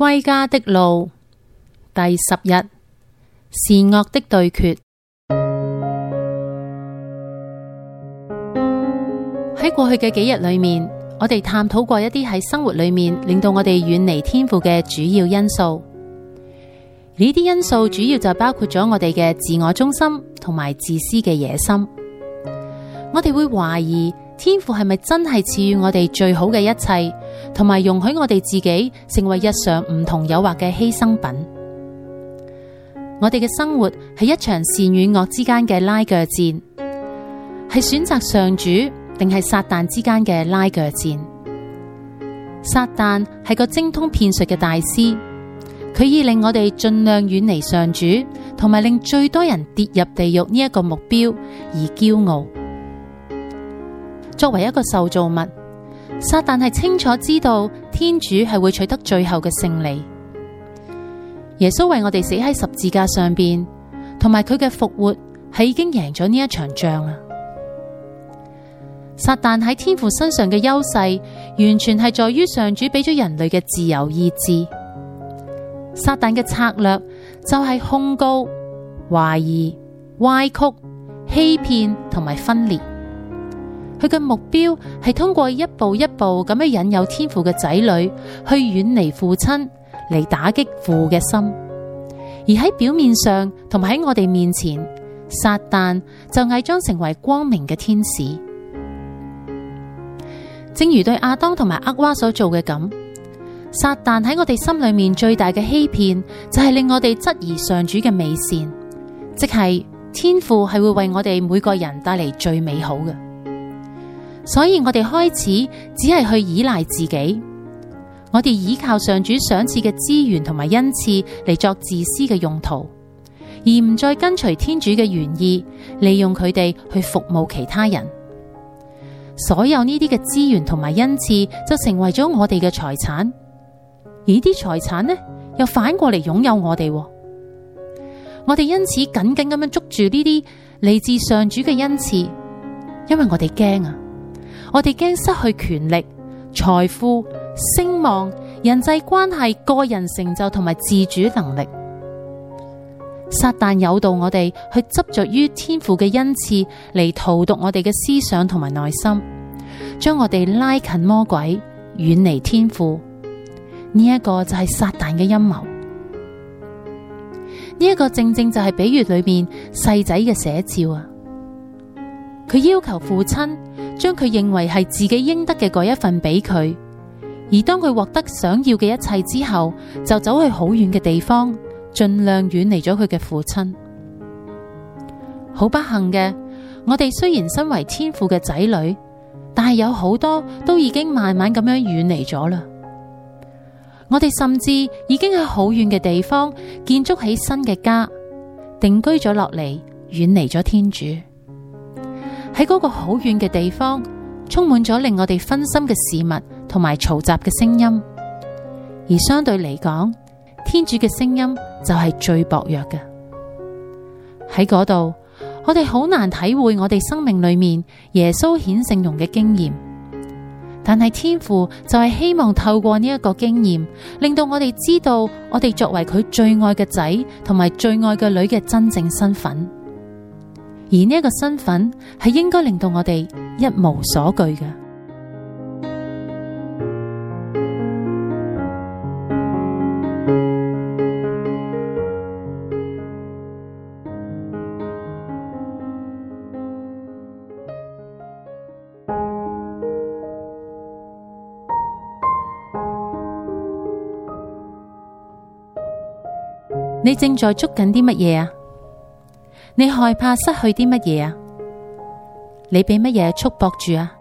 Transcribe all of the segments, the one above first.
歸家的路第十日，善惡的對決。喺 過去嘅幾日裏面，我哋探討過一啲喺生活裏面令到我哋遠離天父嘅主要因素。呢啲因素主要就包括咗我哋嘅自我中心同埋自私嘅野心。我哋會懷疑。天父係咪真係賜予我哋最好嘅一切，同埋容許我哋自己成為日常唔同誘惑嘅犧牲品？我哋嘅生活係一場善與惡之間嘅拉鋸戰，係選擇上主定係撒旦之間嘅拉鋸戰。撒旦係個精通騙術嘅大師，佢以令我哋盡量遠離上主，同埋令最多人跌入地獄呢一個目標而驕傲。作為一個受造物，撒旦係清楚知道天主係會取得最後嘅勝利。耶穌為我哋死喺十字架上邊，同埋佢嘅復活係已經贏咗呢一場仗啦。撒旦喺天父身上嘅優勢，完全係在於上主俾咗人類嘅自由意志。撒旦嘅策略就係控告、懷疑、歪曲、欺騙同埋分裂。佢嘅目標係通過一步一步咁樣引誘天父嘅仔女去遠離父親，嚟打擊父嘅心；而喺表面上，同埋喺我哋面前，撒旦就偽裝成為光明嘅天使，正如對亞當同埋厄娃所做嘅咁。撒旦喺我哋心裏面最大嘅欺騙就係令我哋質疑上主嘅美善，即係天父係會為我哋每個人帶嚟最美好嘅。所以我哋開始只係去依賴自己，我哋依靠上主賞賜嘅資源同埋恩賜嚟作自私嘅用途，而唔再跟隨天主嘅原意，利用佢哋去服務其他人。所有呢啲嘅資源同埋恩賜就成為咗我哋嘅財產，而啲財產呢又反過嚟擁有我哋。我哋因此緊緊咁樣捉住呢啲嚟自上主嘅恩賜，因為我哋驚啊。我哋驚失去權力、財富、聲望、人際關係、個人成就同埋自主能力。撒旦誘導我哋去執着於天父嘅恩賜，嚟荼毒我哋嘅思想同埋內心，將我哋拉近魔鬼，遠離天父。呢、這、一個就係撒旦嘅陰謀。呢、這、一個正正就係比喻裏面細仔嘅寫照啊！佢要求父親將佢認為係自己應得嘅嗰一份俾佢，而當佢獲得想要嘅一切之後，就走去好遠嘅地方，盡量遠離咗佢嘅父親。好不幸嘅，我哋雖然身為天父嘅仔女，但係有好多都已經慢慢咁樣遠離咗啦。我哋甚至已經喺好遠嘅地方建築起新嘅家，定居咗落嚟，遠離咗天主。喺嗰個好遠嘅地方，充滿咗令我哋分心嘅事物同埋嘈雜嘅聲音，而相對嚟講，天主嘅聲音就係最薄弱嘅。喺嗰度，我哋好難體會我哋生命裏面耶穌顯聖容嘅經驗，但係天父就係希望透過呢一個經驗，令到我哋知道我哋作為佢最愛嘅仔同埋最愛嘅女嘅真正身份。而呢一個身份係應該令到我哋一無所懼嘅。 你正在捉緊啲乜嘢啊？你害怕失去啲乜嘢啊？你俾乜嘢束縛住啊？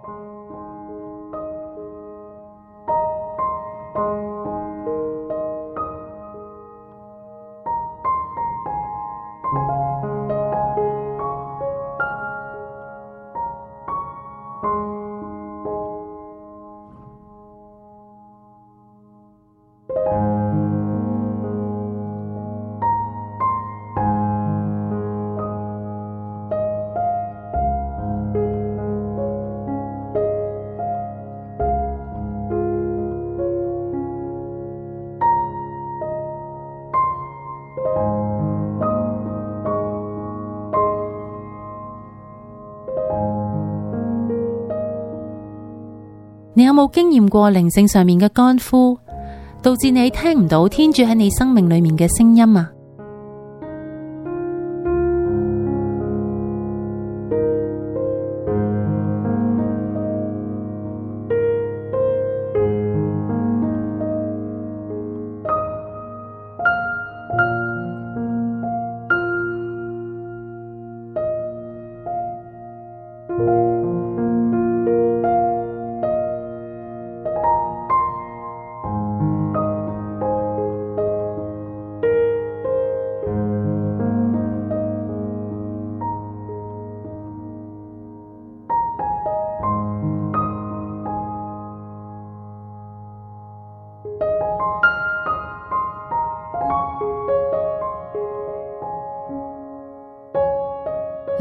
你有冇經驗過靈性上面嘅乾枯，導致你聽唔到天主喺你生命裏面嘅聲音啊？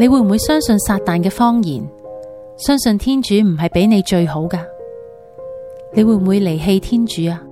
你會唔會相信撒旦嘅謊言？相信天主唔係俾你最好噶？你會唔會離棄天主啊？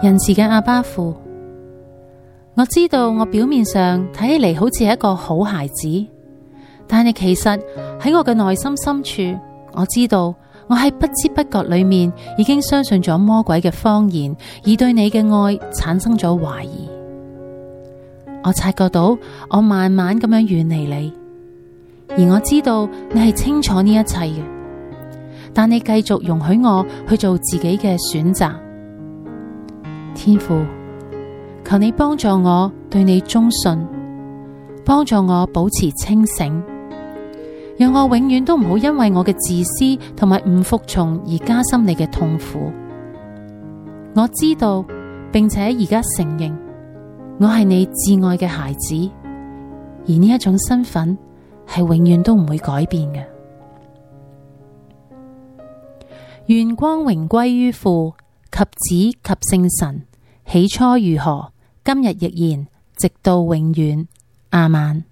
人事嘅阿爸父，我知道我表面上睇起嚟好似係一個好孩子，但係其實喺我嘅內心深處，我知道我喺不知不覺裏面已經相信咗魔鬼嘅謊言，而對你嘅愛產生咗懷疑。我察覺到我慢慢咁樣遠離你，而我知道你係清楚呢一切嘅，但你繼續容許我去做自己嘅選擇。天父，求你幫助我對你忠信，幫助我保持清醒，讓我永遠都唔好因為我嘅自私同埋唔服從而加深你嘅痛苦。我知道，並且而家承認，我係你摯愛嘅孩子，而呢一種身份係永遠都唔會改變嘅。願光榮歸於父及子及聖神。起初如何，今日亦然，直到永遠。亞孟。